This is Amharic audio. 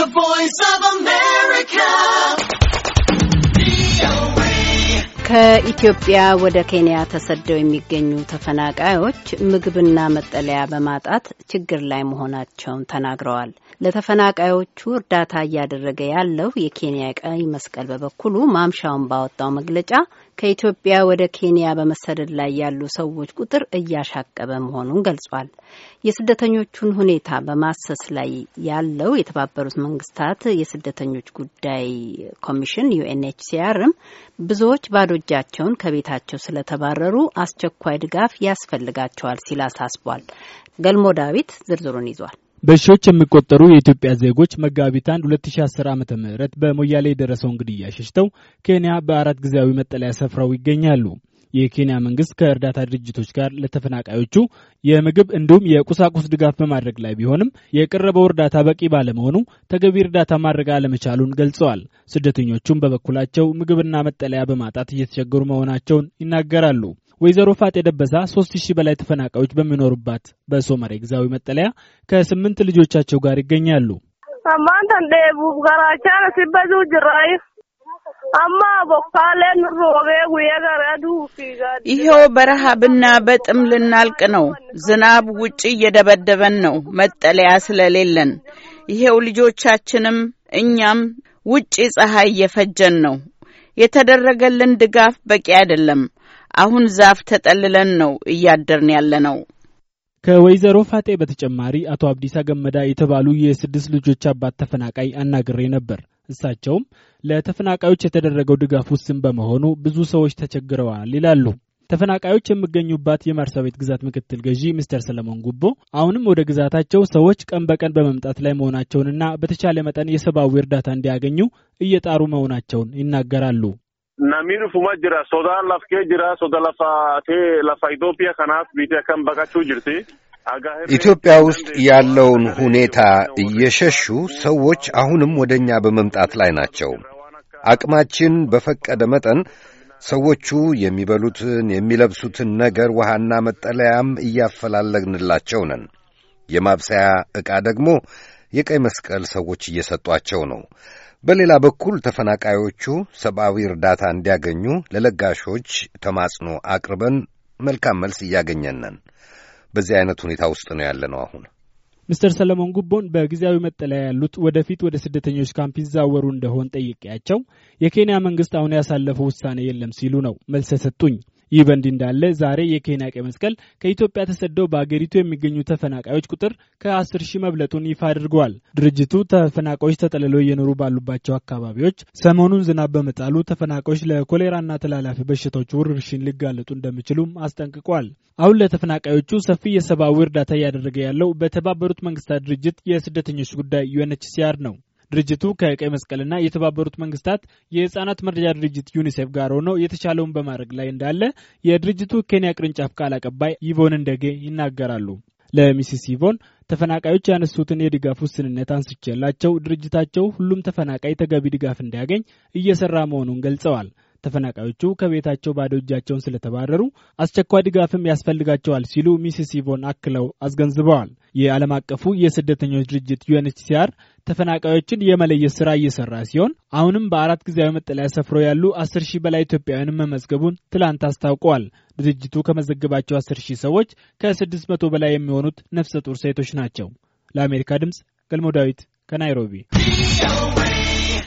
The Voice of man. ከኢትዮጵያ ወደ ኬንያ ተሰደው የሚገኙ ተፈናቃዮች ምግብና መጠለያ በማጣት ችግር ላይ መሆናቸውን ተናግረዋል። ለተፈናቃዮቹ እርዳታ እያደረገ ያለው የኬንያ ቀይ መስቀል በበኩሉ ማምሻውን ባወጣው መግለጫ ከኢትዮጵያ ወደ ኬንያ በመሰደድ ላይ ያሉ ሰዎች ቁጥር እያሻቀበ መሆኑን ገልጿል። የስደተኞቹን ሁኔታ በማሰስ ላይ ያለው የተባበሩት መንግስታት የስደተኞች ጉዳይ ኮሚሽን ዩኤንኤችሲአርም ብዙዎች ባዶ ልጆቻቸውን ከቤታቸው ስለተባረሩ አስቸኳይ ድጋፍ ያስፈልጋቸዋል ሲል አሳስቧል። ገልሞ ዳዊት ዝርዝሩን ይዟል። በሺዎች የሚቆጠሩ የኢትዮጵያ ዜጎች መጋቢት አንድ 2010 ዓ ም በሞያሌ የደረሰውን ግድያ ሸሽተው ኬንያ በአራት ጊዜያዊ መጠለያ ሰፍረው ይገኛሉ። የኬንያ መንግስት ከእርዳታ ድርጅቶች ጋር ለተፈናቃዮቹ የምግብ እንዲሁም የቁሳቁስ ድጋፍ በማድረግ ላይ ቢሆንም የቀረበው እርዳታ በቂ ባለመሆኑ ተገቢ እርዳታ ማድረግ አለመቻሉን ገልጸዋል። ስደተኞቹም በበኩላቸው ምግብና መጠለያ በማጣት እየተቸገሩ መሆናቸውን ይናገራሉ። ወይዘሮ ፋጤ ደበሳ 3000 በላይ ተፈናቃዮች በሚኖሩባት በሶማሌ ግዛዊ መጠለያ ከስምንት ልጆቻቸው ጋር ይገኛሉ። ይኸው በረሃብና በጥም ልናልቅ ነው። ዝናብ ውጪ እየደበደበን ነው፣ መጠለያ ስለሌለን። ይኸው ልጆቻችንም እኛም ውጪ ፀሐይ እየፈጀን ነው። የተደረገልን ድጋፍ በቂ አይደለም። አሁን ዛፍ ተጠልለን ነው እያደርን ያለ ነው። ከወይዘሮ ፋጤ በተጨማሪ አቶ አብዲሳ ገመዳ የተባሉ የስድስት ልጆች አባት ተፈናቃይ አናግሬ ነበር። እሳቸውም ለተፈናቃዮች የተደረገው ድጋፍ ውስን በመሆኑ ብዙ ሰዎች ተቸግረዋል ይላሉ። ተፈናቃዮች የሚገኙባት የማርሳቤት ግዛት ምክትል ገዢ ሚስተር ሰለሞን ጉቦ አሁንም ወደ ግዛታቸው ሰዎች ቀን በቀን በመምጣት ላይ መሆናቸውንና በተቻለ መጠን የሰብአዊ እርዳታ እንዲያገኙ እየጣሩ መሆናቸውን ይናገራሉ። ፉማ ጅራ ሶዳ ላፍኬ ጅራ ሶዳ ላፋ ኢትዮጵያ ከናፍ ቢቴ በቃችሁ ኢትዮጵያ ውስጥ ያለውን ሁኔታ እየሸሹ ሰዎች አሁንም ወደ እኛ በመምጣት ላይ ናቸው። አቅማችን በፈቀደ መጠን ሰዎቹ የሚበሉትን የሚለብሱትን ነገር ውሃና መጠለያም እያፈላለግንላቸው ነን። የማብሰያ ዕቃ ደግሞ የቀይ መስቀል ሰዎች እየሰጧቸው ነው። በሌላ በኩል ተፈናቃዮቹ ሰብአዊ እርዳታ እንዲያገኙ ለለጋሾች ተማጽኖ አቅርበን መልካም መልስ እያገኘን ነን። በዚህ አይነት ሁኔታ ውስጥ ነው ያለ ነው አሁን። ሚስተር ሰለሞን ጉቦን በጊዜያዊ መጠለያ ያሉት ወደፊት ወደ ስደተኞች ካምፕ ይዛወሩ እንደሆን ጠይቄያቸው የኬንያ መንግስት አሁን ያሳለፈው ውሳኔ የለም ሲሉ ነው መልስ የሰጡኝ። ይህ በእንዲህ እንዳለ ዛሬ የኬንያ ቀይ መስቀል ከኢትዮጵያ ተሰደው በአገሪቱ የሚገኙ ተፈናቃዮች ቁጥር ከ10 ሺህ መብለጡን ይፋ አድርገዋል። ድርጅቱ ተፈናቃዮች ተጠልለው እየኖሩ ባሉባቸው አካባቢዎች ሰሞኑን ዝናብ በመጣሉ ተፈናቃዮች ለኮሌራና ተላላፊ በሽታዎች ውርርሽን ሊጋለጡ እንደሚችሉም አስጠንቅቋል። አሁን ለተፈናቃዮቹ ሰፊ የሰብአዊ እርዳታ እያደረገ ያለው በተባበሩት መንግስታት ድርጅት የስደተኞች ጉዳይ ዩኤንኤችሲአር ነው። ድርጅቱ ከቀይ መስቀልና የተባበሩት መንግስታት የህጻናት መረጃ ድርጅት ዩኒሴፍ ጋር ሆኖ የተቻለውን በማድረግ ላይ እንዳለ የድርጅቱ ኬንያ ቅርንጫፍ ቃል አቀባይ ይቮን እንደጌ ይናገራሉ። ለሚስስ ኢቮን ተፈናቃዮች ያነሱትን የድጋፍ ውስንነት አንስቼላቸው ድርጅታቸው ሁሉም ተፈናቃይ ተገቢ ድጋፍ እንዲያገኝ እየሰራ መሆኑን ገልጸዋል። ተፈናቃዮቹ ከቤታቸው ባዶ እጃቸውን ስለተባረሩ አስቸኳይ ድጋፍም ያስፈልጋቸዋል ሲሉ ሚስስ ኢቮን አክለው አስገንዝበዋል። የዓለም አቀፉ የስደተኞች ድርጅት ዩኤንኤችሲአር ተፈናቃዮችን የመለየት ስራ እየሰራ ሲሆን አሁንም በአራት ጊዜያዊ መጠለያ ሰፍረው ያሉ አስር ሺህ በላይ ኢትዮጵያውያንን መመዝገቡን ትላንት አስታውቀዋል። ድርጅቱ ከመዘገባቸው አስር ሺህ ሰዎች ከስድስት መቶ በላይ የሚሆኑት ነፍሰ ጡር ሴቶች ናቸው። ለአሜሪካ ድምፅ ገልሞ ዳዊት ከናይሮቢ